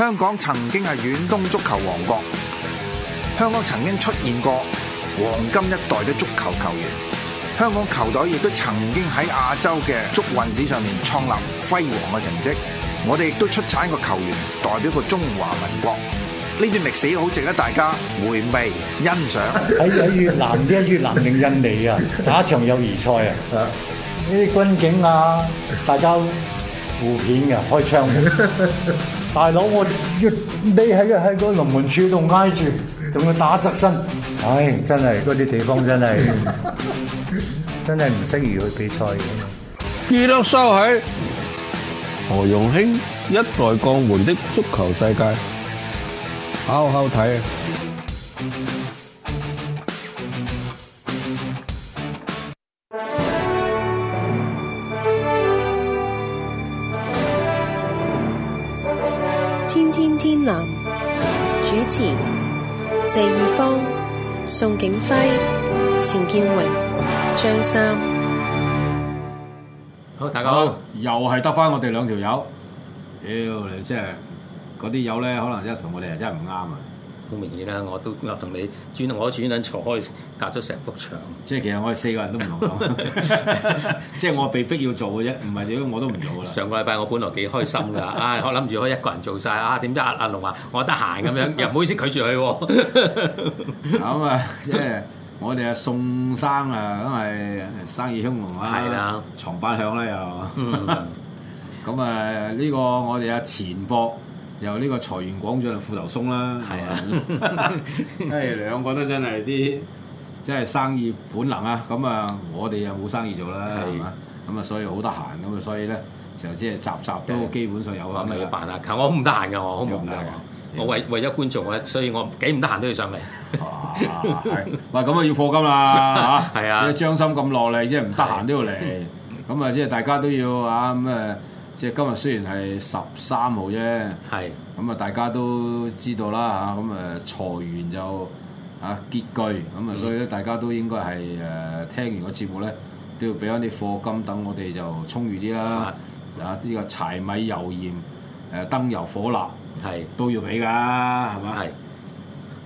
香港曾經係遠東足球王國，香港曾經出現過黃金一代嘅足球球員，香港球隊亦都曾經喺亞洲嘅足運史上面創立輝煌嘅成績。我哋亦都出產一個球員代表過中華民國，呢段歷史好值得大家回味欣賞。喺喺越南一越南定印尼啊，打場友誼賽啊，呢啲軍警啊，大家互片嘅開槍。大佬，我一匿喺喺個龍門柱度挨住，仲要打側身，唉，真係嗰啲地方真係，真係唔適宜去比賽嘅。記得收起。何容興，一代降門的足球世界，好好睇。宋景輝、錢建榮、張三，好，大家好，好，又係得返我哋兩條友，屌你真係，嗰啲友咧可能跟我們真係同我哋又真係唔啱啊！好明顯啦，我都同你轉，我都專登坐開隔咗成幅牆。即係其實我哋四個人都唔同了， 即係我被逼要做嘅啫，唔係點我都唔做啦。上個禮拜我本來幾開心㗎，唉、 哎，我諗住可以一個人做晒。啊，點知阿阿龍話我得閒咁樣，又唔好意思拒絕佢。咁啊， 嗯、即係我哋阿、啊、宋生啊，咁係生意興隆啊，係啦的，床板響啦、啊、又。咁、 嗯、啊，呢個我哋阿錢博。由呢個財源廣進係褲頭鬆啦，係啊，誒兩個都真係啲，即係生意本能啊。咁啊，我哋又冇生意做啦，係嘛。咁啊，所以好得閒，咁啊，所以咧就即係集集都基本上有啊。咁啊，要辦啊，其實我唔得閒嘅，我好唔得閒。我為為咗觀眾，我所以我幾唔得閒都要上嚟。哇，係，唔係咁啊，要課金啦嚇，係啊，張三咁落嚟，即係唔得閒都要嚟。咁啊，即係大家都要啊，咁啊。即係今日雖然係十三號啫，咁啊是，大家都知道啦嚇，咁誒財源就嚇拮據咁啊，嗯、所以咧，大家都應該係誒聽完個節目咧，都要俾翻啲課金，等我哋就充裕啲啦。嗱的，呢個柴米油鹽誒燈油火蠟係的都要俾㗎，係咪？係。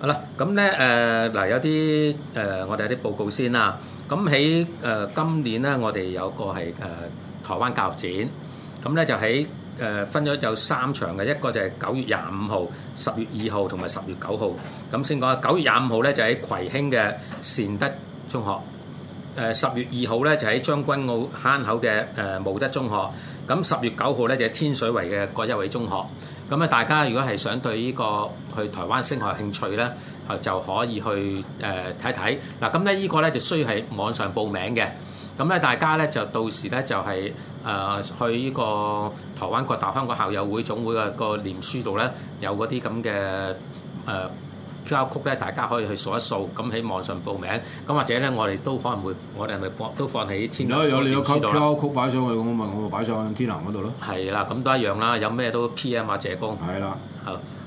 好啦，咁咧誒嗱有啲誒、呃、我哋有啲報告先啦。咁喺誒今年咧，我哋有個係誒、呃、台灣教育展。咁咧就喺誒分咗有三場嘅，一個就係九月廿五號、十月二號同埋十月九號。咁先講，九月廿五號咧就喺葵興嘅善德中學，誒十月二號咧就喺將軍澳坑口嘅誒無德中學，咁十月九號咧就喺天水圍嘅郭優惠中學。咁啊，大家如果係想對呢個去台灣升學興趣咧，就就可以去誒睇睇。嗱，咁咧呢個咧就需要喺網上報名嘅。咁咧，大家咧就到時咧就係、是、誒、呃、去呢個台灣各大香港校友會總會嘅個臉書度咧，有嗰啲咁嘅誒 QR code 咧，呃、code，大家可以去數一數，咁喺網上報名，咁或者咧我哋都可能會，我哋係咪放都放喺天有有你有 QR code 擺上去咁，我咪我咪擺上去天南嗰度咯。係啦，咁都一樣啦，有咩都 PM 啊，謝光係啦。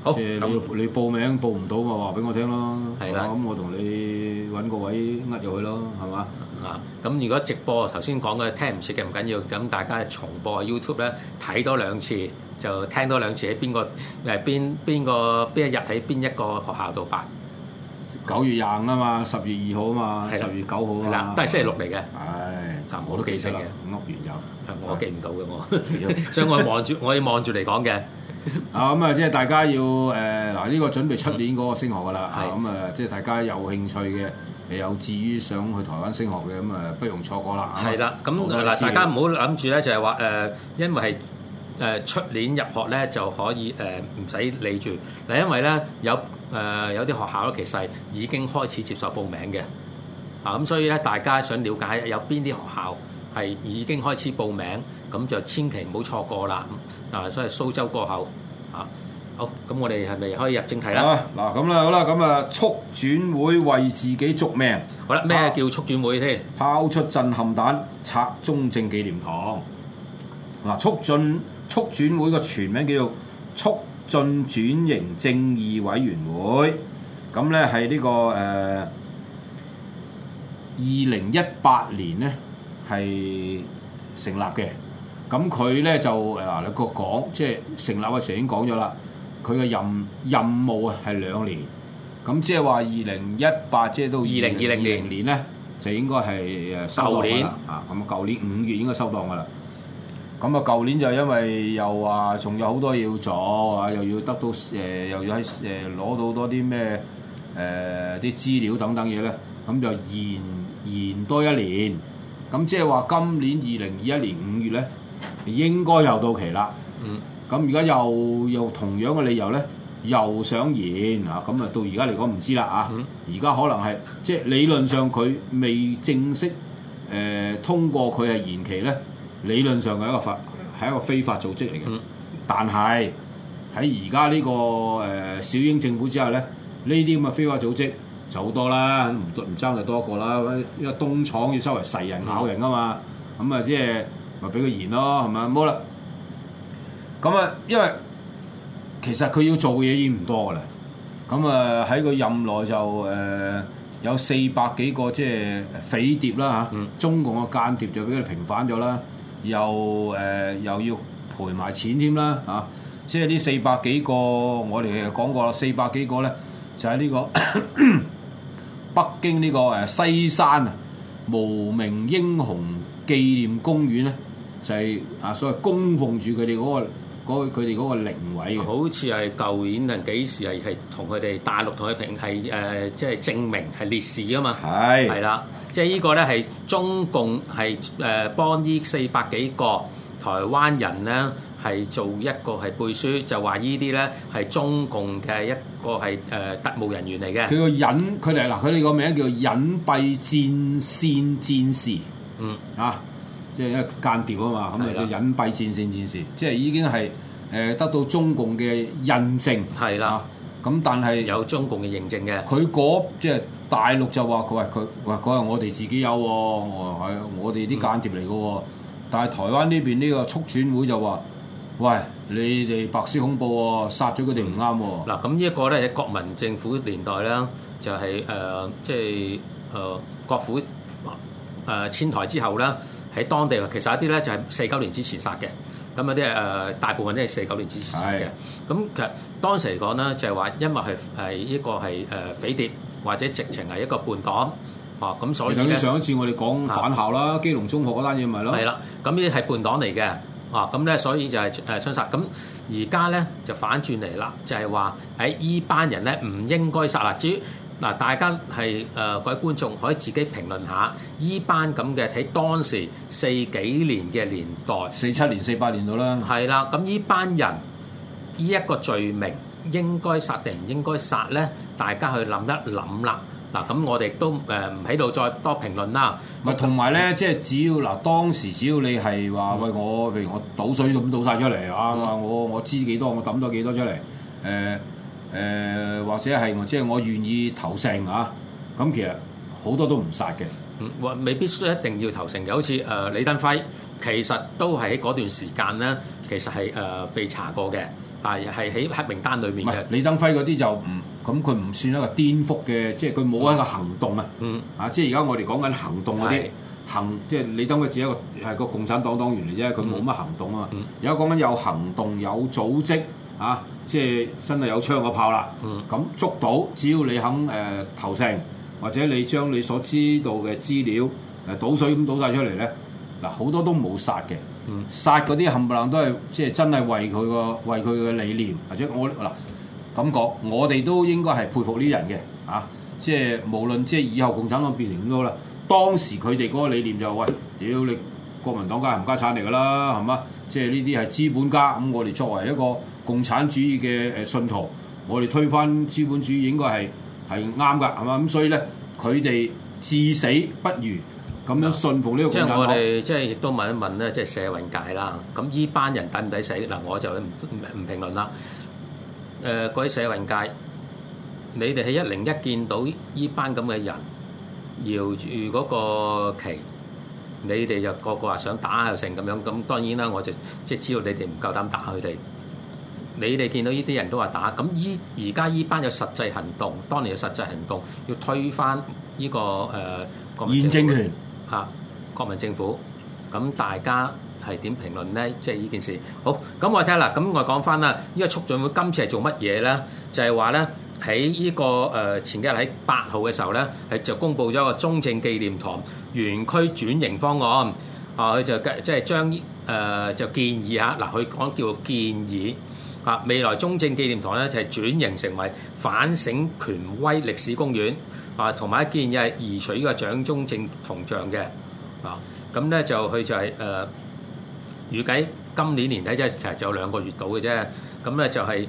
好，你那你報名報唔到，咪話俾我聽咯，係啦的，咁我同你揾個位呃入去咯，係嘛？啊，咁如果直播頭先講嘅聽唔識嘅唔緊要，咁大家重播 YouTube 咧睇多兩次，就聽多兩次喺邊個誒邊邊個邊一日喺邊一個學校度辦？九月廿五啊嘛，十月二號啊嘛，十月九號啊嘛，都係星期六嚟嘅。唉，差唔多我都記清嘅。噏完就，我記唔到嘅我，所以我望住我要望住嚟講嘅。啊，咁啊，即係大家要誒嗱呢個準備出年嗰個升學噶啦。係。咁啊，即係大家有興趣嘅。你有志於想去台灣升學嘅咁啊，不容錯過啦。係啦，咁嗱，大家唔好諗住咧，就係話誒，因為係誒出年入學咧，就可以誒唔使理住嗱，因為咧有誒、呃、有啲學校咧，其實已經開始接受報名嘅啊，咁所以咧，大家想了解有邊啲學校係已經開始報名，咁就千祈唔好錯過啦。嗱、啊，所以蘇州過後啊。好，咁我哋係咪可以入正題啦？啊，嗱，咁啦，好啦，咁啊，促轉會為自己續命。好啦，咩叫促轉會先？拋出震撼彈，拆中正紀念堂。嗱，促進促轉會個全名叫做促進轉型正義委員會。咁咧係呢個誒二零一八年咧係成立嘅。咁佢咧就誒嗱你個講，即係成立嘅時候已經講咗啦。佢嘅任任務啊係兩年，咁即係話二零一八即係到二零二零年咧，年就應該係誒收檔啦。啊，咁啊，舊年五月應該收檔噶啦。咁啊，舊年就因為又話仲有好多嘢要做，啊，又要得到誒、呃，又要喺誒攞到多啲咩誒啲資料等等嘢咧，咁就延延多一年。咁即係話今年二零二一年五月咧，應該又到期啦。嗯。咁而家又又同樣嘅理由咧，又想延嚇，咁啊到而家嚟講唔知啦啊！而家、啊、可能係即係理論上佢未正式誒、呃、通過佢係延期咧，理論上係一個法係一個非法組織嚟嘅。但係喺而家呢個誒、呃、小英政府之後咧，呢啲咁嘅非法組織就好多啦，唔唔爭就多一個啦。因為東廠要收為殺人咬人啊嘛，咁、嗯、啊即係咪俾佢延咯，係咪？冇啦。咁啊，因為其實佢要做嘅嘢已經唔多噶啦。咁啊喺佢任內就誒、呃、有四百幾個即係匪諜啦嚇，啊嗯、中共嘅間諜就俾佢平反咗啦，又誒、呃、又要賠埋錢添啦嚇。即係呢四百幾個，我哋講過啦，四百幾個咧就喺、是、呢、這個咳咳北京呢、這個誒、啊、西山啊無名英雄紀念公園咧，就係、是、啊所謂供奉住佢哋嗰個，佢哋嗰個靈位的，好似係舊年定幾時係係同佢哋大陸同佢平係誒、呃，即係證明係烈士啊嘛，係係啦，即係呢個咧係中共係幫呢四百幾個台灣人咧係做一個係背書，就話呢啲咧係中共嘅一個係、呃、特務人員嚟嘅。佢個隱佢哋嗱，佢哋個名叫做隱蔽戰線戰士，嗯啊。即係因為間諜啊嘛，咁咪隱蔽戰線戰士，的即係已經係得到中共嘅印證。係啦的，咁、啊、但係有中共嘅印證嘅佢嗰即係大陸就話，喂佢喂嗰我哋自己有喎、啊，我哋啲間諜嚟喎、啊。嗯」但係台灣呢邊呢個促轉會就話，喂你哋白色恐怖喎、啊，殺咗佢哋唔啱喎。嗱咁、嗯、呢一個咧喺國民政府年代啦，就係即係誒國府誒遷、呃、台之後咧。喺當地喎，其實一啲咧就係四九年之前殺嘅，咁有啲誒大部分都係四九年之前殺嘅。咁是的 其實當時嚟講咧，就係話因為係係一個係誒匪諜或者直情係一個叛黨，哦咁所以咧上一次我哋講返校啦，是的基隆中學嗰單嘢咪咯，係啦，咁呢啲係叛黨嚟嘅，哦咁咧所以就係誒槍殺。咁而家咧就反轉嚟啦，就係話喺依班人咧唔應該殺啦，至於。嗱，大家係誒各位觀眾可以自己評論下依班咁嘅，喺當時四幾年嘅年代，四七年、四八年到啦。係啦，咁依班人依一個罪名應該殺定唔應該殺咧？大家去諗一諗啦。嗱，咁我哋都誒唔喺度再多評論啦。咪同埋咧，即係只要嗱，當時只要你係話喂，我譬如我倒水咁倒曬出嚟啊嘛，我我知幾多，我抌咗幾多出嚟誒。誒、呃、或者係即係我願意投誠啊！咁、啊、其實好多都唔殺嘅，或、嗯、未必需一定要投誠嘅。好似誒李登輝，其實都係喺嗰段時間咧，其實係誒、呃、被查過嘅，啊係喺黑名單裡面。李登輝嗰啲就唔咁，佢唔算一個顛覆嘅，即係佢冇一個行動啊。嗯啊，即係而家我哋講緊行動嗰啲、嗯、行，即係李登輝只係一個係個共產黨黨員嚟啫，佢冇乜行動啊。而家講緊有行動有組織。啊，即係真係有槍個炮啦，咁、嗯、捉到，只要你肯誒、呃、投誠，或者你將你所知道嘅資料誒、啊、倒水咁倒晒出嚟咧，嗱、啊、好多都冇殺嘅，嗯、殺嗰啲冚唪唥都係即係真係為佢個為佢嘅理念，或者我嗱咁講，我哋都應該係佩服呢啲人嘅，啊，即係無論即係以後共產黨變成點都好啦，當時佢哋嗰個理念就係、喂，屌你國民黨家冚家產嚟噶啦，係嘛？即係呢啲係資本家，咁我哋作為一個。共產主義嘅誒信徒，我哋推翻資本主義應該係係啱噶，係嘛？咁所以咧，佢哋至死不渝咁樣信奉呢個共產黨。即係我哋即係亦都問一問咧，即係社運界啦。咁依班人抵唔抵死？嗱，我就唔評論啦。誒，各位社運界，你哋喺一零一見到依班咁嘅人搖住嗰個旗，你哋就個個話想打又成咁樣。咁當然啦，我就即係知道你哋唔夠膽打佢哋。你哋見到呢啲人都話打咁，依而家依班有實際行動，當年有實際行動，要推翻呢、這個誒現政權嚇國民政府。咁、啊、大家係點評論咧？即係呢件事好，咁我睇下啦。咁我講翻啦，呢、這個促轉會今次係做乜嘢咧？就係話咧喺呢、這個誒、呃、前幾日喺八號嘅時候咧係就公佈咗一個中正紀念堂園區轉型方案啊。佢、呃、就即係、就是、將誒、呃、就建議嚇嗱，佢、呃、講叫建議。啊！未來中正紀念堂咧就係轉型成為反省權威歷史公園啊，同埋一建議係移除呢個蔣中正銅像嘅啊！咁咧就佢就係誒預計今年年底，即係其實就有兩個月到嘅啫。咁咧就係、是、誒，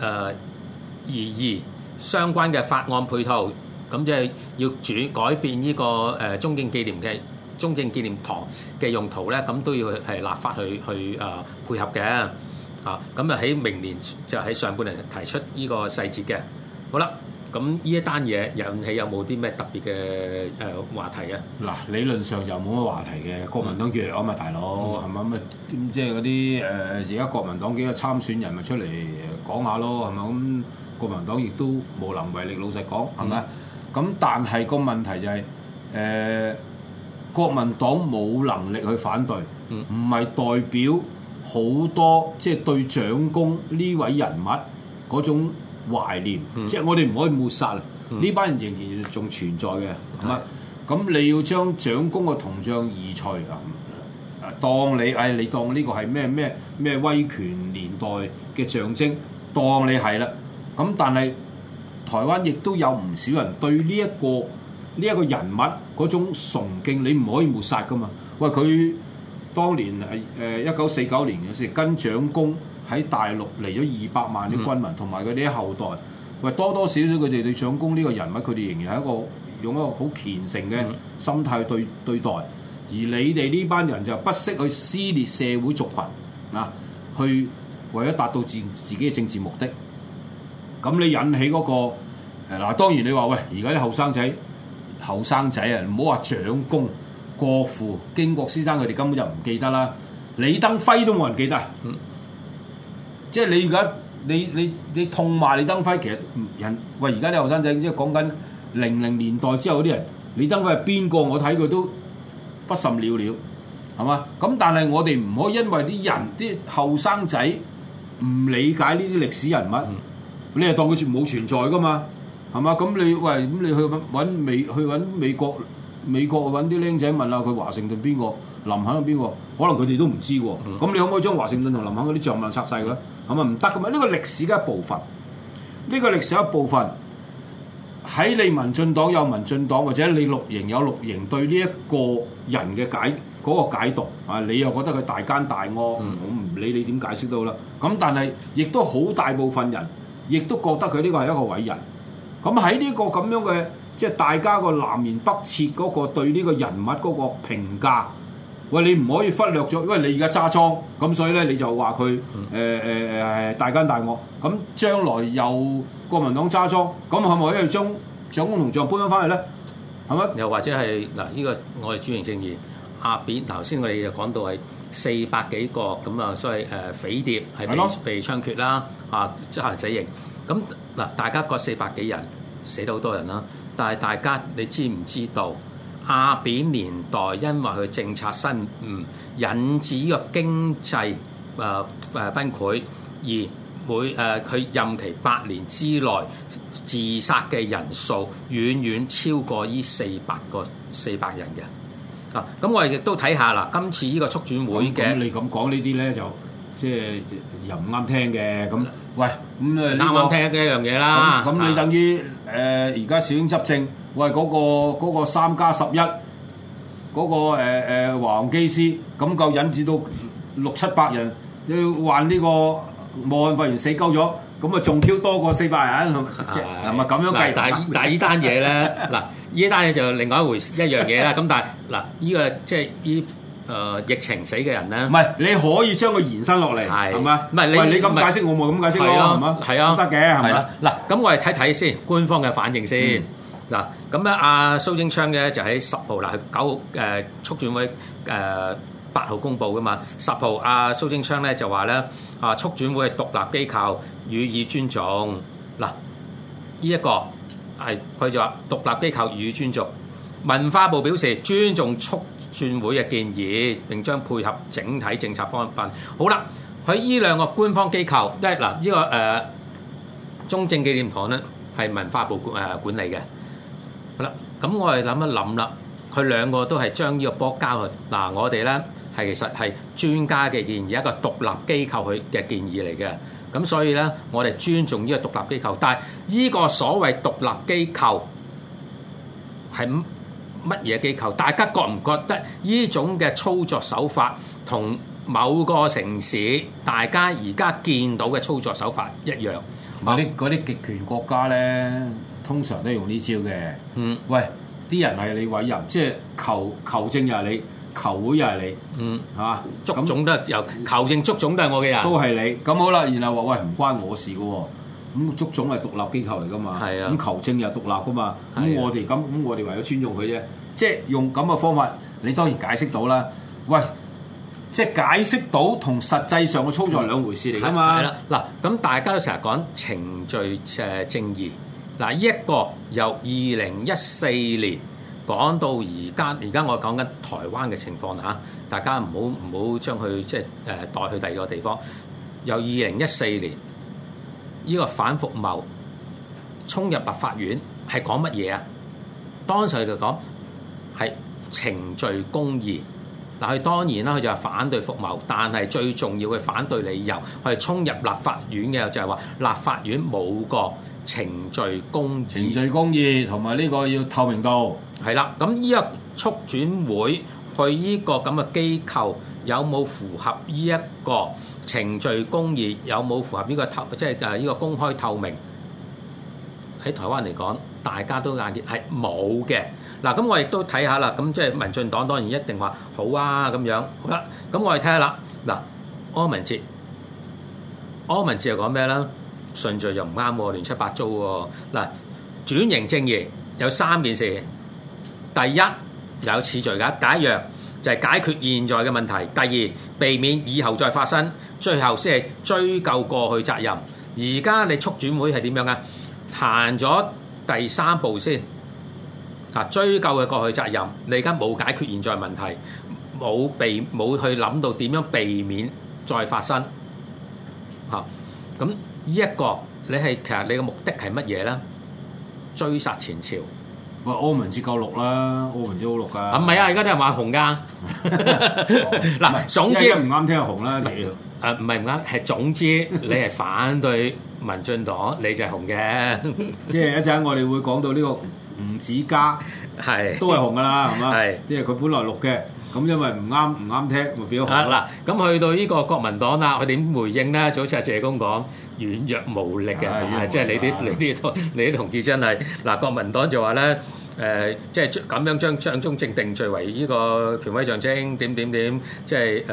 而、呃、二,二相關嘅法案配套，咁即係要轉改變呢個誒中正紀念嘅中正紀念堂嘅用途咧，咁都要係立法去去誒配合嘅。啊，咁啊喺明年就喺上半年提出呢個細節嘅。好啦，咁呢一單嘢引起有冇啲咩特別嘅誒話題啊？嗱，理論上又冇乜話題嘅。國民黨弱啊嘛，大佬係咪咁？即係嗰啲誒而家國民黨幾個參選人咪出嚟講下咯，係咪咁？國民黨亦都無能為力，老實講係咪啊？咁但係個問題就係誒國民黨冇能力去反對，唔係代表。好多即係對蔣公呢位人物嗰種懷念，嗯、哼即係我哋唔可以抹殺啦。呢班、嗯、哼人仍然仲存在嘅，咁啊的，咁、嗯、你要將蔣公嘅銅像移除啊，當你唉、哎，你當呢個係咩咩咩威權年代嘅象徵，當你係啦。咁但係台灣亦都有唔少人對呢、這、一個呢一、這個人物嗰種崇敬，你唔可以抹殺㗎嘛。喂佢。當年係誒一九四九年嘅時候，跟蔣公喺大陸嚟咗二百萬啲軍民，同埋佢哋啲後代，喂多多少少佢哋對蔣公呢個人物，佢哋仍然係一個用一個好虔誠嘅心態對、嗯、對對待。而你哋呢班人就不惜去撕裂社會族群啊，去為咗達到自自己嘅政治目的，咁你引起嗰、那個嗱、呃，當然你話喂，而家啲後生仔後生仔啊，唔好話蔣公。」過父經國先生，佢哋根本就唔記得啦。李登輝都冇人記得，嗯、即係你而家你你你，你痛罵李登輝，其實人喂而家啲後生仔，即係講緊零零年代之後嗰啲人，李登輝係邊個？我睇佢都不甚了了、了，係嘛？咁但係我哋唔可以因為啲人啲後生仔唔理解呢啲歷史人物，嗯、你又當佢全冇存在噶嘛？係嘛？咁你喂咁你去搵美去搵美國？美國揾啲僆仔，問下佢華盛頓邊個，林肯邊個，可能佢哋都唔知喎。咁、嗯、你可唔可以將華盛頓同林肯嗰啲象物拆曬佢咧？係咪唔得嘅嘛？呢、呢個歷史嘅一部分，呢、呢個歷史嘅一部分喺你民進黨有民進黨，或者你綠營有綠營，對呢一個人嘅解嗰、嗰個、解讀啊，你又覺得佢大奸大惡，嗯、我唔理你點解釋都好啦。咁但係亦都好大部分人亦都覺得佢呢個係一個偉人。咁喺呢個咁樣嘅。即係大家個南轅北轍嗰個對呢個人物嗰個評價，喂，你唔可以忽略咗，因為你而家揸莊，咁所以咧你就話佢誒誒誒大奸大惡，咁將來又國民黨揸莊，咁可唔可以將蔣公同將搬翻翻去咧？係咪？又或者係嗱，呢、這個我哋主營正義下面，頭先我哋就講到係四百幾個咁啊，所謂誒、呃、匪諜係被，的被槍決啦，嚇執行死刑。咁嗱，大家個四百幾人死到好多人啦。但係大家你知唔知道阿扁年代因為佢政策失誤引致個經濟啊啊崩潰，而會誒佢任期八年之內自殺嘅人數遠遠超過呢四百個四百人嘅啊，咁我哋亦都睇下啦，今次呢個促轉會呢個促轉會嘅你咁講呢啲咧就？即係又唔啱聽嘅咁，喂，咁誒啱聽嘅一樣嘢啦。咁你等於誒而家小英執政，喂嗰個嗰個三加十一，嗰個誒誒華航機師，咁夠引致到六七百人要患呢個武漢肺炎死鳩咗，咁啊仲 Q 多過四百人，係咪咁樣計？但但呢單嘢咧，嗱呢單嘢就另外一回事一樣嘢啦。咁但係嗱呢個即係呢。誒、呃、疫情死嘅人咧，唔係你可以將佢延伸落嚟，係咪的？唔係嗎你你咁解釋，是我冇咁解釋咯的，係啊，得嘅，係咪？嗱，咁我哋睇睇先，官方嘅反應先、嗯嗯。嗱，咁、啊、咧，阿蘇貞昌咧就喺十號嗱，九號誒、呃、促轉會誒八、呃、號公佈噶嘛，十號阿、啊、蘇貞昌咧就話咧，啊促轉會係獨立機構，予以尊重。嗱、啊，呢、這、一個係佢、哎、就話獨立機構予以尊重。文化部表示尊重促。轉會嘅建議，並將配合整體政策方針。好啦，佢依兩個官方機構，即係嗱，依個誒中正紀念堂咧係文化部誒管理嘅。好啦，咁我哋諗一諗啦，佢兩個都係將依個波交去。嗱，我哋咧係其實係專家嘅建議，一個獨立機構去嘅建議嚟嘅。咁所以咧，我哋尊重呢個獨立機構，但係呢個所謂獨立機構係乜嘢機構？大家覺唔覺得呢種嘅操作手法同某個城市大家而家見到嘅操作手法一樣？啲嗰啲極權國家咧，通常都用呢招嘅。嗯，喂，啲人係你委任，即係球球證又係你，球會又係你。嗯，係嘛、啊？足總都那由球證，足總都係我嘅人。都係你。咁好啦，然後話喂，唔關我事喎、哦。咁足總係獨立機構嚟噶嘛？咁、啊、求證又獨立噶嘛？咁、啊、我哋咁，咁我哋為咗尊重佢啫，即係用咁嘅方法，你當然解釋到啦。喂，即係解釋到同實際上嘅操作係兩回事嚟噶嘛？係啦，嗱，咁大家都成日講程序誒正義。嗱、呢一個由二零一四年講到而家，而家我在講緊台灣嘅情況嚇，大家唔好唔好將佢即係誒代去第二個地方。由二零一四年，呢個反服貿衝入立法院係講乜嘢啊？當時佢就講係程序公義。嗱，佢當然啦，佢就係反對服貿，但係最重要嘅反對理由係衝入立法院嘅就係話立法院冇個程，程序公義。程序公義同埋呢個要透明度。係啦，咁、這、呢個促轉會去呢個咁嘅機構。有冇符合呢一個程序公義？有冇符合呢個透，即係依個公開透明？喺台灣嚟講，大家都眼見係冇嘅。嗱，咁我亦都睇下啦。咁即係民進黨當然一定話好啊咁樣。好啦、啊，咁我哋睇下啦。嗱，柯文哲，柯文哲又講咩咧？順序又唔啱喎，亂七八糟喎。嗱，轉型正義有三件事。第一有次序㗎，解約。就係解決現在嘅問題，第二避免以後再發生，最後先係追究過去責任。而家你促轉會係點樣啊？行咗第三步先啊，追究嘅過去責任，你而家冇解決現在問題，冇避冇去諗到點樣避免再發生。嚇、這個，咁呢一個你係其實你嘅目的係乜嘢咧？追殺前朝。喂，澳門至夠綠啦，澳門至好綠噶。唔係啊，而家啲人話紅噶。嗱，總之唔啱聽就紅啦，主唔係唔啱，係總之你係反對民進黨， 你就係紅嘅。即係一陣，我哋會講到呢個吳子嘉，係都係紅噶啦，係嘛吧？是即係佢本來綠嘅。咁因為唔啱唔啱聽，咪表好。嗱，咁去到呢個國民黨啦，佢點回應咧？早前阿謝公講軟弱無力嘅，係即係你啲你啲同你啲同志真係嗱，國民黨就話咧誒，即係咁樣將蔣中正定罪為呢個權威象徵點點點，即係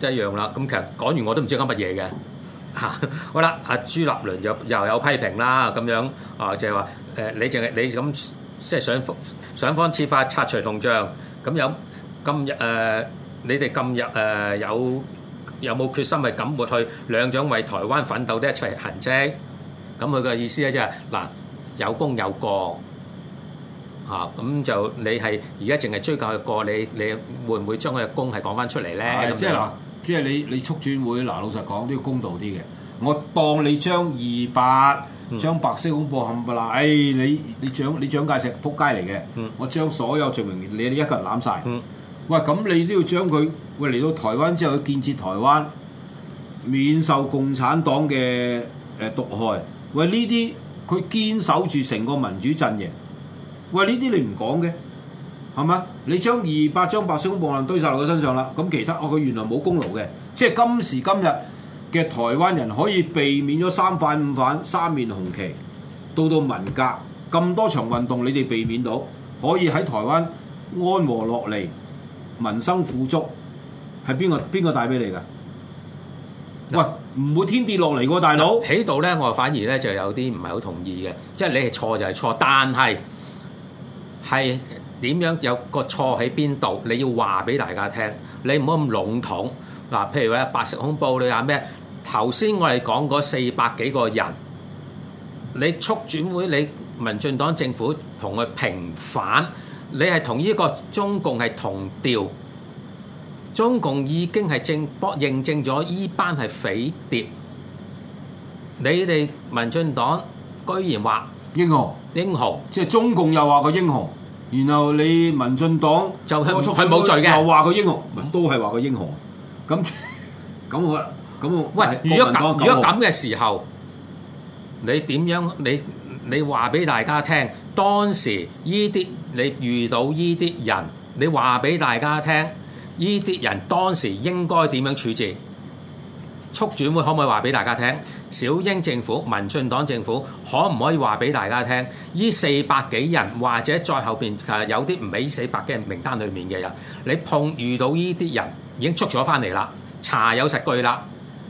誒一樣啦。咁其實講完我都唔知講乜嘢嘅嚇。好啦，阿朱立倫又又有批評啦，咁樣啊，就係話誒，你淨係你咁。即係想想方設法拆除銅像，咁有今日誒，你哋今日誒有有冇決心係抹去兩蔣為台灣奮鬥嘅一切痕跡？咁佢嘅意思咧，即係嗱，有功有過吓，咁就你係而家淨係追究佢過，你你會唔會將佢嘅功係講返出嚟咧？咁即係嗱，即係你你促轉會嗱，老實講都要公道啲嘅，我當你將二百。將白色恐怖冚唪唥哎你你，你蔣你蔣介石仆街嚟嘅，嗯、我將所有罪名你你一個人攬晒、嗯。喂咁你都要將佢，喂嚟到台灣之後去建設台灣，免受共產黨嘅、呃、毒害，喂呢啲佢堅守住成個民主陣營，喂呢啲你唔講嘅，係嘛？你將二百張白色恐怖案堆晒落佢身上啦，咁其他哦佢原來冇功勞嘅，即係今時今日。嘅台灣人可以避免咗三反五反三面紅旗，到到文革咁多場運動，你哋避免到可以喺台灣安和落嚟，民生富足，係邊個邊個帶俾你噶？嗯、喂，唔會天跌落嚟喎，大佬！喺度咧，我反而咧就有啲唔係好同意嘅，即係你係錯就係錯，但係係點樣有個錯喺邊度？你要話俾大家聽，你唔好咁籠統嗱、嗯。譬如話白色恐怖，你話咩？頭先我哋講嗰四百幾個人，你促轉會，你民進黨政府同佢平反，你係同呢個中共係同調，中共已經係正認證咗呢班係匪諜，你哋民進黨居然話英雄英雄，即係中共又話個英雄，然後你民進黨就向促轉會又話個英雄，咪都係話個英雄，咁咁我。喂，如果咁，如果咁嘅時候，你點樣？你你話俾大家聽，當時呢啲你遇到呢啲人，你話俾大家聽，呢啲人當時應該點樣處置？促轉會可唔可以話俾大家聽？小英政府、民進黨政府可唔可以話俾大家聽？呢四百幾人，或者再後邊其實有啲唔俾四百幾人名單裡面嘅人，你碰遇到呢啲人已經捉咗翻嚟啦，查有實據啦。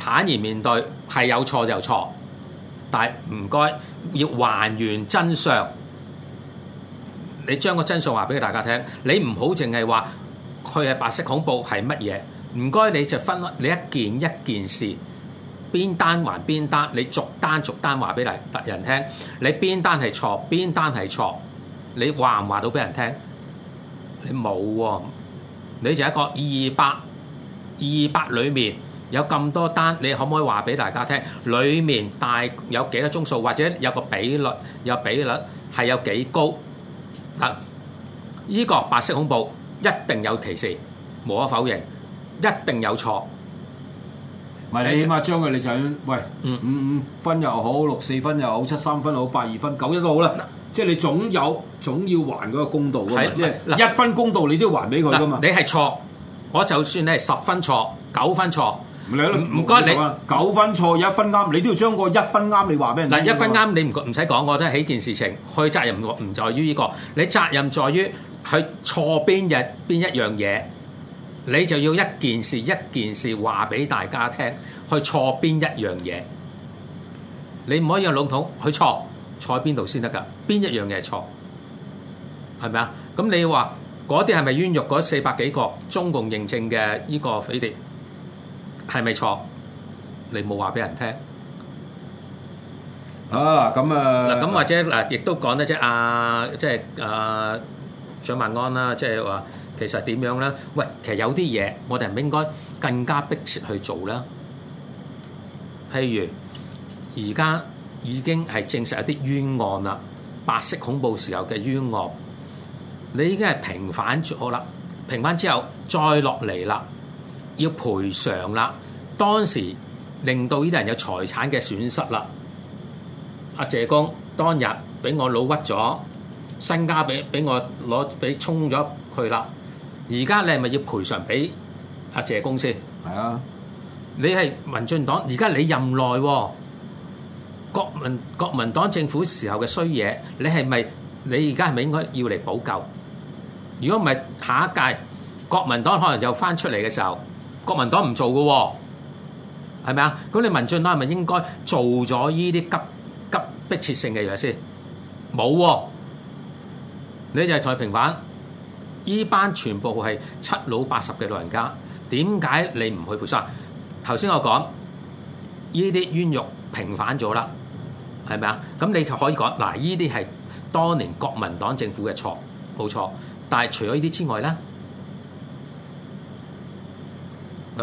坦然面對，係有錯就有錯，但係唔該要還原真相。你將個真相話俾大家聽，你唔好淨係話佢係白色恐怖係乜嘢，唔該你就分你一件一件事，邊單還邊單，你逐單逐單話俾嚟人聽，你邊單係錯，邊單係錯，你話唔話到俾人聽？你冇喎，你就一個二百二百裏面。有咁多單，你可唔可以話俾大家聽？裡面大有幾多宗數，或者有個比率，有比率係有幾高？嗱，依個白色恐怖一定有歧視，無可否認，一定有錯。唔係你起碼將佢你就樣喂，五五分又好，六四分又好，七三分又好，八二分、九一都好啦。即係你總有總要還嗰個公道嘅，即係一分公道你都要還俾佢㗎嘛。你係錯，我就算你係十分錯、九分錯。唔唔該，你九分錯一分啱，你都要將個一分啱你話俾人。嗱，一分啱你唔唔使講，我真係起一件事情，佢責任唔在於呢個，你責任在於去錯邊日邊一樣嘢，你就要一件事一件事話俾大家聽，去錯邊一樣嘢，你唔可以話籠統，去錯錯邊度先得噶，邊一樣嘢錯，係咪啊？咁你話嗰啲係咪冤獄嗰四百幾個中共認證嘅呢個匪諜？係咪錯？你冇話俾人聽啊！咁啊，嗱咁或者嗱，亦都講咧，即係阿即係阿蔣萬安啦，即係話其實點樣咧？喂，其實有啲嘢我哋係唔應該更加迫切去做啦。譬如而家已經係證實有啲冤案啦，白色恐怖時候嘅冤案，你已經係平反咗啦，平反之後再落嚟啦。要賠償啦！當時令到呢啲人有財產嘅損失啦。阿謝公當日俾我老屈咗，身家俾俾我攞俾沖咗去啦。而家你係咪要賠償俾阿謝公先？係啊！你係民進黨，而家你任內國民國民黨政府時候嘅衰嘢，你係咪你而家係咪應該要嚟補救？如果唔係下一屆國民黨可能又翻出嚟嘅時候。國民黨唔做嘅，係咪啊？咁你民進黨係咪應該做咗呢啲急急迫切性嘅嘢先？冇啊！你就係再平反，呢班全部係七老八十嘅老人家，點解你唔去賠償？頭先我講呢啲冤獄平反咗啦，係咪啊？咁你就可以講嗱，呢啲係當年國民黨政府嘅錯，冇錯。但係除咗呢啲之外咧？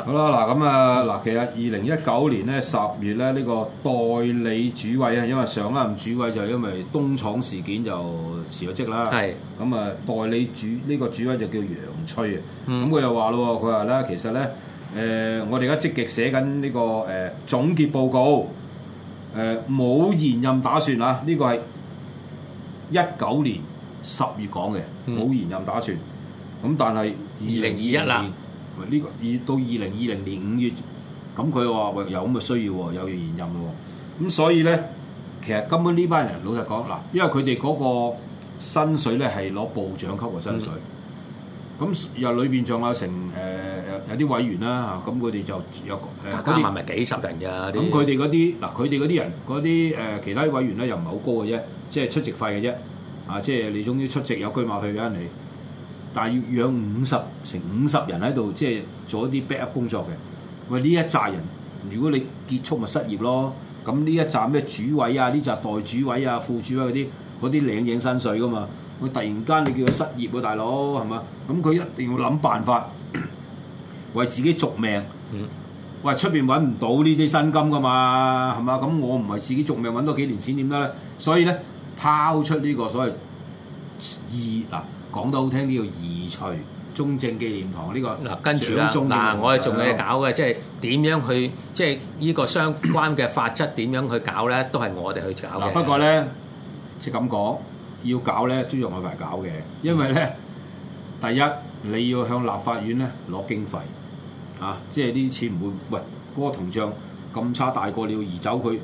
好啦，嗱咁啊，嗱，其實二零一九年咧十月咧呢、呢個代理主委啊，因為上一任主委就因為東廠事件就辭咗職啦。係咁啊，代理主呢、呢個主委就叫楊翠啊。咁佢、嗯、又話咯，佢話咧其實咧，誒、呃、我哋而家積極寫緊呢、呢個誒、呃、總結報告，誒冇延任打算啊！呢個係一九年十月講嘅，冇延任打算。咁、這個嗯、但係二零二一啦。呢個二到二零二零年五月，咁佢話喂，有咁嘅需要，有要延任喎。咁所以咧，其實根本呢班人老實講，嗱，因為佢哋嗰個薪水咧係攞部長級嘅薪水。咁又裏邊仲有成誒、呃、有啲委員啦嚇，咁佢哋就有誒嗰啲咪幾十人㗎啲。咁佢哋嗰啲嗱，佢哋嗰啲人嗰啲誒其他委員咧又唔係好高嘅啫，即係出席費嘅啫。啊，即係你總之出席有居馬去嘅。你。但係要養五十成五十人喺度，即係做一啲 backup 工作嘅。喂，呢一紮人，如果你結束咪失業咯？咁呢一紮咩主委啊？呢紮代主委啊、副主委嗰啲，嗰啲領影薪水噶嘛？佢突然間你叫佢失業喎、啊，大佬係嘛？咁佢一定要諗辦法為自己續命。喂，出邊揾唔到呢啲薪金噶嘛？係嘛？咁我唔係自己續命揾多幾年錢點得咧？所以咧，拋出呢個所謂意嗱。講得好聽，叫移除中正紀念堂、呢個、呢個。嗱，跟住啦，嗱，我哋仲要搞嘅，即係點樣去即係呢個相關嘅法則點樣去搞咧，都係我哋去搞嘅。不過咧，即係咁講，要搞咧，都要外圍搞嘅，因為咧，嗯、第一你要向立法院咧攞經費，啊，即係呢啲錢唔會喂嗰個、那個、銅像咁差大過你要移走佢，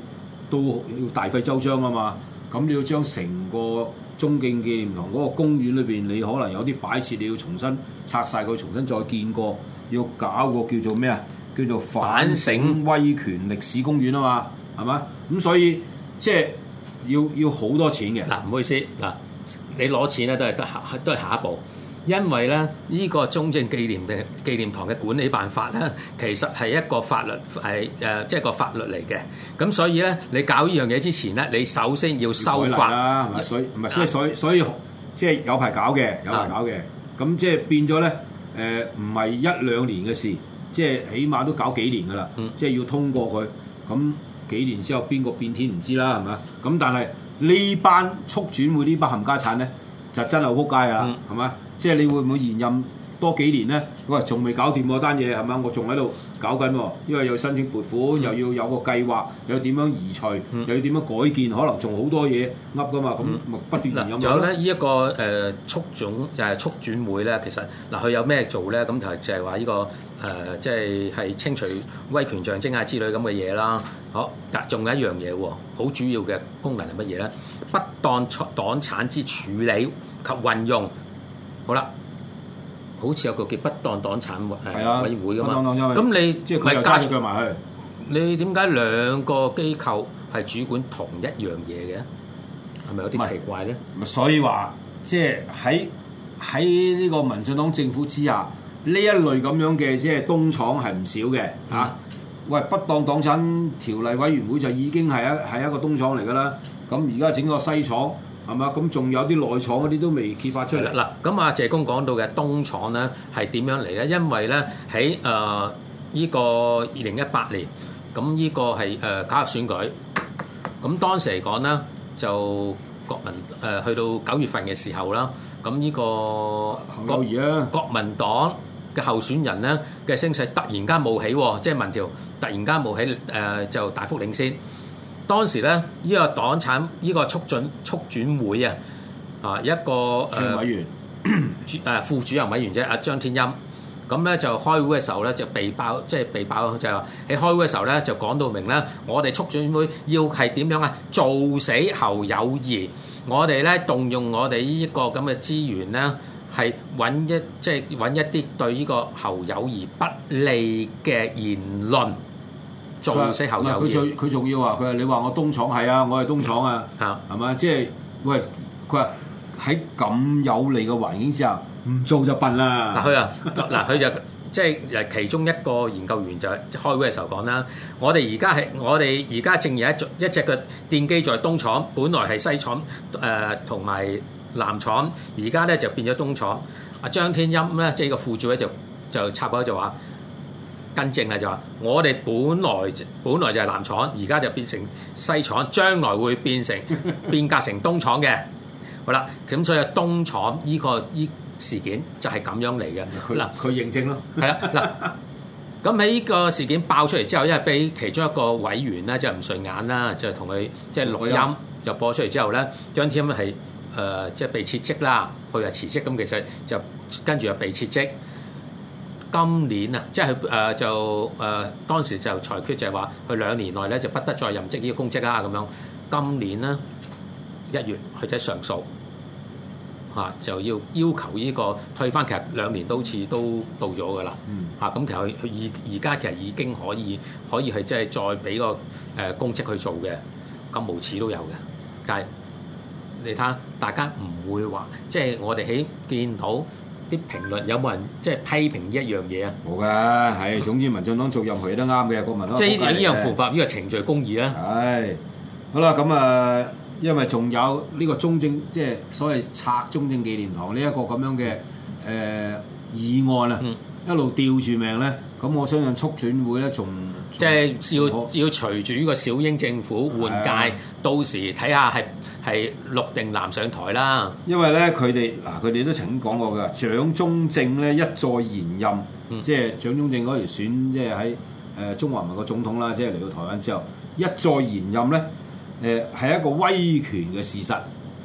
都要大費周章啊嘛。咁你要將成個中正紀念堂嗰個公園裏邊，你可能有啲擺設你要重新拆晒佢，重新再建過，要搞個叫做咩啊？叫做反省威權歷史公園啊嘛，係嘛？咁所以即係要要好多錢嘅。嗱，唔好意思，嗱，你攞錢咧都係都係都係下一步。因為咧，呢個中正紀念嘅紀念堂嘅管理辦法咧，其實係一個法律係誒、呃，即係個法律嚟嘅。咁所以咧，你搞呢樣嘢之前咧，你首先要修法要啦，係咪？所以唔係，所以所以所以即係有排搞嘅，有排搞嘅。咁的即係變咗咧，誒唔係一兩年嘅事，即係起碼都搞幾年噶啦。嗯、即係要通過佢，咁幾年之後邊個變天唔知啦，係咪啊？咁但係呢班促轉會呢班冚家產咧，就真係好撲街啊，係咪、嗯即係你會唔會延任多幾年咧？喂，仲未搞掂嗰單嘢係嘛？我仲喺度搞緊喎，因為有申請撥款，又要有個計劃，又要點樣移除，嗯、又要點樣改建，可能仲好多嘢噏㗎嘛，咁不斷噉。仲有咧呢一個誒促總就係、係、促轉會咧，其實嗱佢有咩做咧？咁就係、係呢個呃、就係話呢個誒即係係清除威權象徵啊之類咁嘅嘢啦。好、哦，但仲有一樣嘢喎，好主要嘅功能係乜嘢咧？不當產黨產之處理及運用。好啦，好似有個叫不當黨產委會啊，產委會噶嘛，咁你即係佢加住佢埋去，你點解兩個機構係主管同一樣嘢嘅？係咪是有啲奇怪咧？咪所以話，即係喺喺呢個民進黨政府之下，呢一類咁樣嘅即係東廠係唔少嘅嚇。喂、啊，不當黨產條例委員會就已經係一係一個東廠嚟噶啦。咁而家整個西廠。係嘛？咁仲有啲內廠嗰啲都未揭發出嚟啦。嗱，咁阿謝公講到嘅東廠咧係點樣嚟咧？因為咧喺誒依個二零一八年，咁依個係誒九合一選舉。咁當時嚟講咧，就國民誒去到九月份嘅時候啦，咁依個國瑜啊，國民黨嘅候選人咧嘅聲勢突然間冒起，即係民調突然間冒起誒就大幅領先。當時咧，呢、這個黨產呢、這個促進促轉會啊，啊一個，促委、啊、委員，誒副主任委員啫，阿張天欽。咁咧就開會嘅時候咧，就被爆，即、就、係、是、被爆就係話，喺開會嘅時候咧就講到明咧，我哋促轉會要係點樣啊？做死侯友宜，我哋咧動用我哋呢個咁嘅資源咧，係揾一即係揾一啲對呢個侯友宜不利嘅言論。做又識口唔係佢仲佢仲要啊！佢話你話我東廠係啊，我係東廠啊，係嘛吧？即係、就是、喂，佢話喺咁有利嘅環境之下，唔做就笨啦。嗱，佢話嗱，佢就即係誒其中一個研究員就開會嘅時候講啦，我哋而家係我哋而家正有喺一隻嘅電機在東廠，本來係西廠誒同埋南廠，而家咧就變咗東廠。阿張天欽咧即係個副主委就就插口就話。更正啦、就是，就話我哋本來本來就係南廠，而家就變成西廠，將來會變成變革成東廠嘅。好啦，咁所以東廠呢、這個依、這個、事件就係咁樣嚟嘅。嗱，佢認證咯，係啦。嗱， 咁喺呢個事件爆出嚟之後，因為俾其中一個委員咧就唔、是、順眼啦，就同佢即係錄音就播出嚟之後咧，張天系誒即係被撤職啦，佢又辭職，咁其實就跟住又被撤職。今年啊，即係誒、呃、就誒、呃、當時就裁決就係話，佢兩年內咧就不得再任職呢個公職啦咁樣。今年咧一月佢就上訴，嚇、啊、就要要求呢個推翻。其實兩年都似都到咗噶啦，嚇咁、嗯啊、其實佢而而家其實已經可以可以係即係再俾個誒公職去做嘅，咁、啊、無恥都有嘅。但係你睇下，大家唔會話，即係我哋喺見到。啲評論有冇人即係批評一樣嘢啊？冇㗎，係總之民進黨做任何嘢都啱嘅，國民咯，即係呢樣符合呢個程序公義啦。係，好啦，咁啊，因為仲有呢個中正即係所謂拆中正紀念堂呢一個咁樣嘅誒、呃、議案啦，一路吊住命咧。咁我相信促轉會咧，仲即係要更好 要隨住呢個小英政府換屆，是的 到時睇下係係綠定藍上台啦。因為咧，佢哋嗱，佢哋都曾經講過嘅，蔣中正咧一再延任，嗯、即係蔣中正嗰時選，即係喺誒中華民國總統啦，即係嚟到台灣之後一再延任咧，誒、呃、係一個威權嘅事實，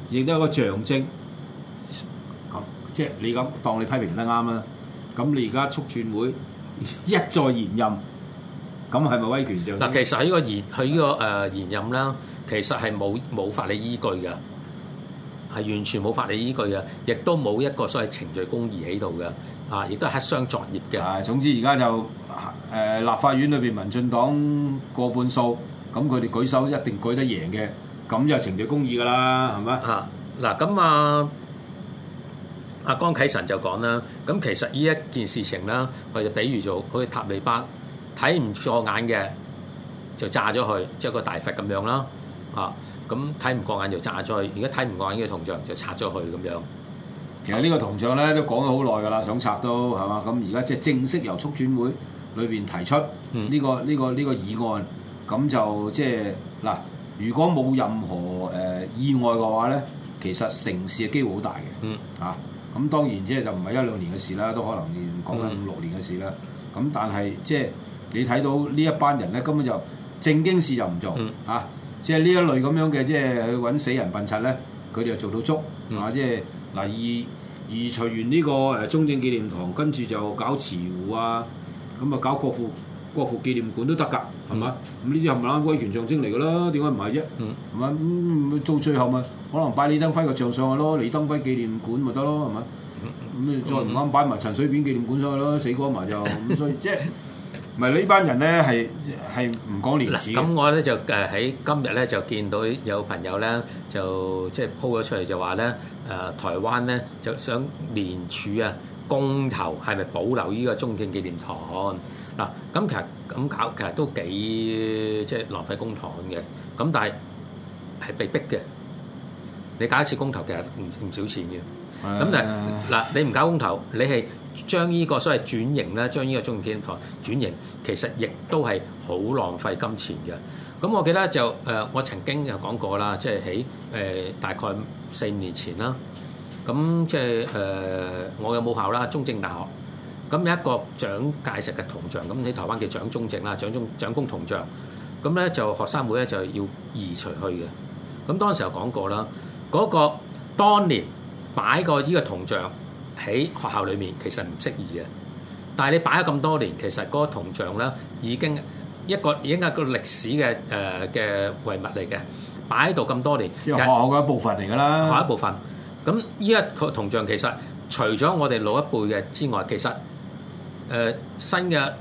亦都係一個象徵。咁即係你咁當你批評得啱啦。咁你而家促轉會？一再延任，咁係咪威權嗱，其實喺呢個延，佢呢個誒延任啦，其實係冇冇法理依據嘅，係完全冇法理依據嘅，亦都冇一個所謂程序公義喺度嘅，啊，亦都係黑箱作業嘅。係，總之而家就誒、呃、立法院裏邊民進黨過半數，咁佢哋舉手一定舉得贏嘅，咁就程序公義噶啦，係咪啊？嗱，咁啊。阿江啟臣就講啦，咁其實呢一件事情啦，佢就比喻做好似塔利班睇唔過眼嘅就炸咗佢，即係個大佛咁樣啦。啊，咁睇唔過眼就炸咗佢。而家睇唔過眼嘅銅像就拆咗佢咁樣。其實呢個銅像咧都講咗好耐㗎啦，想拆都係嘛，咁而家即係正式由促轉會裏邊提出呢個呢個嗯呢個呢個議案，咁就即係嗱，如果冇任何誒、呃、意外嘅話咧，其實成事嘅機會好大嘅。嗯，啊。咁當然即係就唔係一兩年嘅事啦，都可能講緊五六年嘅事啦。咁、嗯、但係即係你睇到呢一班人咧，根本就正經事就唔做嚇。即係呢一類咁樣嘅即係去揾死人殯葬咧，佢哋就做到足嚇。即係嗱，而而除完呢個中正紀念堂，跟住就搞慈湖啊，咁啊搞國父國父紀念館都得㗎，係嘛、嗯？咁呢啲係咪啱啱威權象徵嚟㗎啦？點解唔係啫？係嘛、嗯嗯？到最後咪～可能擺李登輝個像上去咯，李登輝紀念館咪得咯，係咪？咁你、嗯、再唔啱擺埋陳水扁紀念館上去咯，嗯、死光埋就咁、嗯、以 即係唔係呢班人咧，係係唔講廉恥。咁我咧就誒喺今日咧就見到有朋友咧就即係鋪咗出嚟就話咧誒台灣咧就想連署啊，公投係咪保留呢個中正紀念堂？嗱，咁其實咁搞其實都幾即係浪費公帑嘅，咁但係係被逼嘅。你搞一次公投，其實唔唔少錢嘅。咁是的 就嗱、是是的，你唔搞公投，你係將呢個所謂轉型咧，將呢個中建房轉型，其實亦都係好浪費金錢嘅。咁我記得就誒、呃，我曾經就講過啦，即係喺誒大概四五年前啦。咁即係誒，我嘅母校啦，中正大學。咁有一個蔣介石嘅銅像，咁喺台灣叫蔣中正啦，蔣中蔣公銅像。咁咧就學生會咧就要移除去嘅。咁當時候講過啦。嗰個當年擺過依個銅像喺學校裏面，其實唔適宜嘅。但係你擺咗咁多年，其實嗰個銅像咧已經一個已經係一個歷史嘅誒嘅遺物嚟嘅，擺喺度咁多年。即係學校嘅一部分嚟㗎啦，學校一部分。咁依一個銅像其實除咗我哋老一輩嘅之外，其實誒新嘅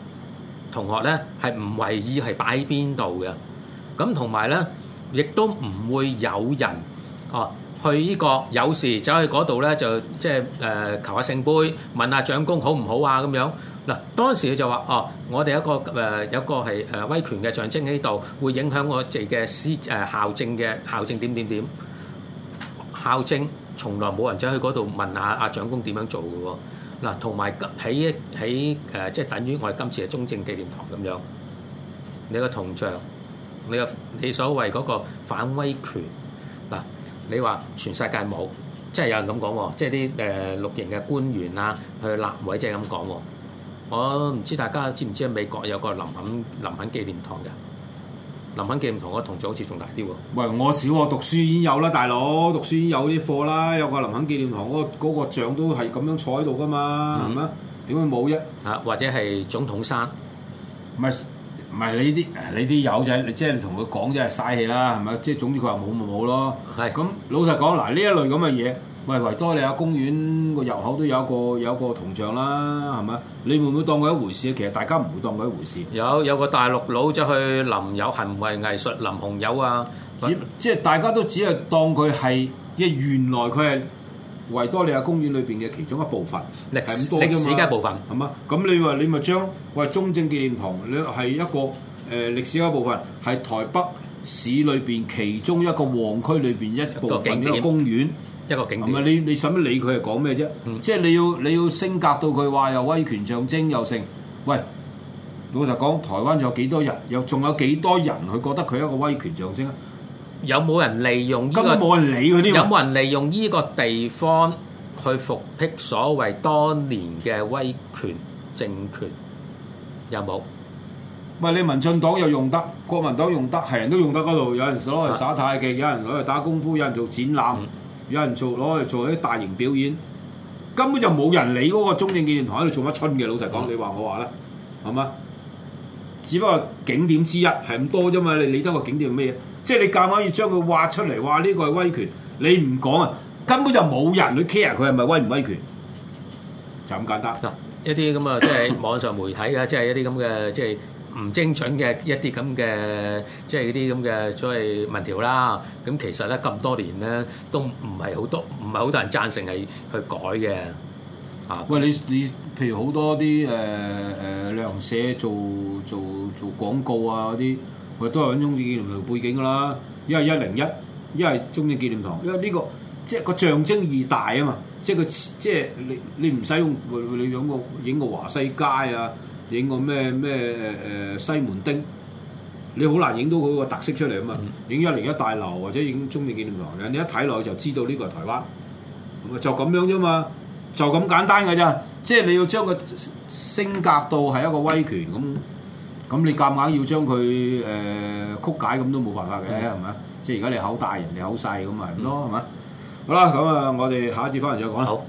同學咧係唔為意係擺喺邊度嘅。咁同埋咧，亦都唔會有人。哦，去依個有時走去嗰度咧，就即係誒求下聖杯，問下長公好唔好啊咁樣。嗱，當時佢就話：哦，我哋一個誒有個係誒威權嘅象徵喺度，會影響我哋嘅司誒校正嘅校正點點點。校正從來冇人走去嗰度問下阿長公點樣做嘅喎。嗱，同埋喺喺誒即係等於我哋今次嘅中正紀念堂咁樣，你個銅像，你個你所謂嗰個反威權嗱。你話全世界冇，即係有人咁講喎，即係啲誒綠營嘅官員啊，去立委，即係咁講喎。我唔知大家知唔知美國有個林肯林肯紀念堂嘅，林肯紀念堂嗰個銅像好似仲大啲喎。喂，我小學讀書已經有啦，大佬讀書已經有啲貨啦，有個林肯紀念堂嗰個嗰個像都係咁樣坐喺度噶嘛。點會冇啫？啊，或者係總統山？唔係。唔係你啲，你啲友仔，你即係同佢講真，真係嘥氣啦，係咪？即係總之佢話冇咪冇咯。係咁。是老實講，嗱呢一類咁嘅嘢，喂，維多利亞公園個入口都有個有個銅像啦，係咪？你會唔會當佢一回事？其實大家唔會當佢一回事。有有個大陸佬走去林友行為藝術林紅友啊，只即係大家都只係當佢係，即係原來佢係。維多利亞公園裏邊嘅其中一部分，歷史多而歷史嘅部分，係嘛？咁你話你咪將喂中正紀念堂，你係一個誒、呃、歷史一部分，係台北市裏邊其中一個旺區裏邊一部分嘅公園，一個景點。唔係你你使乜理佢係講咩啫？即係、嗯、你要你要升格到佢話又威權象徵又剩，喂老實講，台灣仲有幾多人又仲有幾多人去覺得佢係一個威權象徵啊？有冇人利用呢、這個？根本冇人理嘅，有冇人利用呢個地方去復辟所謂當年嘅威權政權？有冇？唔係你民進黨又用得，國民黨用得，係人都用得嗰度。有人攞嚟耍太極，有人攞嚟打功夫，有人做展覽，有人用做攞嚟做啲大型表演。嗯、根本就冇人理嗰個中正紀念堂喺度做乜春嘅。老實講，嗯、你話我話啦，係嘛？只不過景點之一係咁多啫嘛，你理得個景點咩？即係你夾硬要將佢挖出嚟，話呢個係威權，你唔講啊，根本就冇人去 care 佢係咪威唔威權，就咁簡單。一啲咁啊，即係網上媒體啊，即係 一啲咁嘅，即係唔精準嘅一啲咁嘅，即係嗰啲咁嘅所謂民調啦。咁其實咧，咁多年咧，都唔係好多，唔係好多人贊成係去改嘅。啊，喂，你你譬如好多啲誒誒旅行社做做做廣告啊嗰啲。佢都係揾中正紀念堂背景噶啦，一係一零一，一係中正紀念堂，因為呢個即係個象徵意大啊嘛，即係佢即係你你唔使用，用你用個影個華西街啊，影個咩咩誒西門町，你好難影到嗰個特色出嚟啊嘛，影一零一大樓或者影中正紀念堂嘅，你一睇落去就知道呢個係台灣，咁啊就咁樣啫嘛，就咁簡單嘅啫，即係你要將佢升格到係一個威權咁。咁你夾硬硬要將佢誒曲解咁都冇辦法嘅，係咪啊？即係而家你口大，人哋口細咁啊，咁咯，係咪、嗯、好啦，咁啊，我哋下一節翻嚟再講啦。好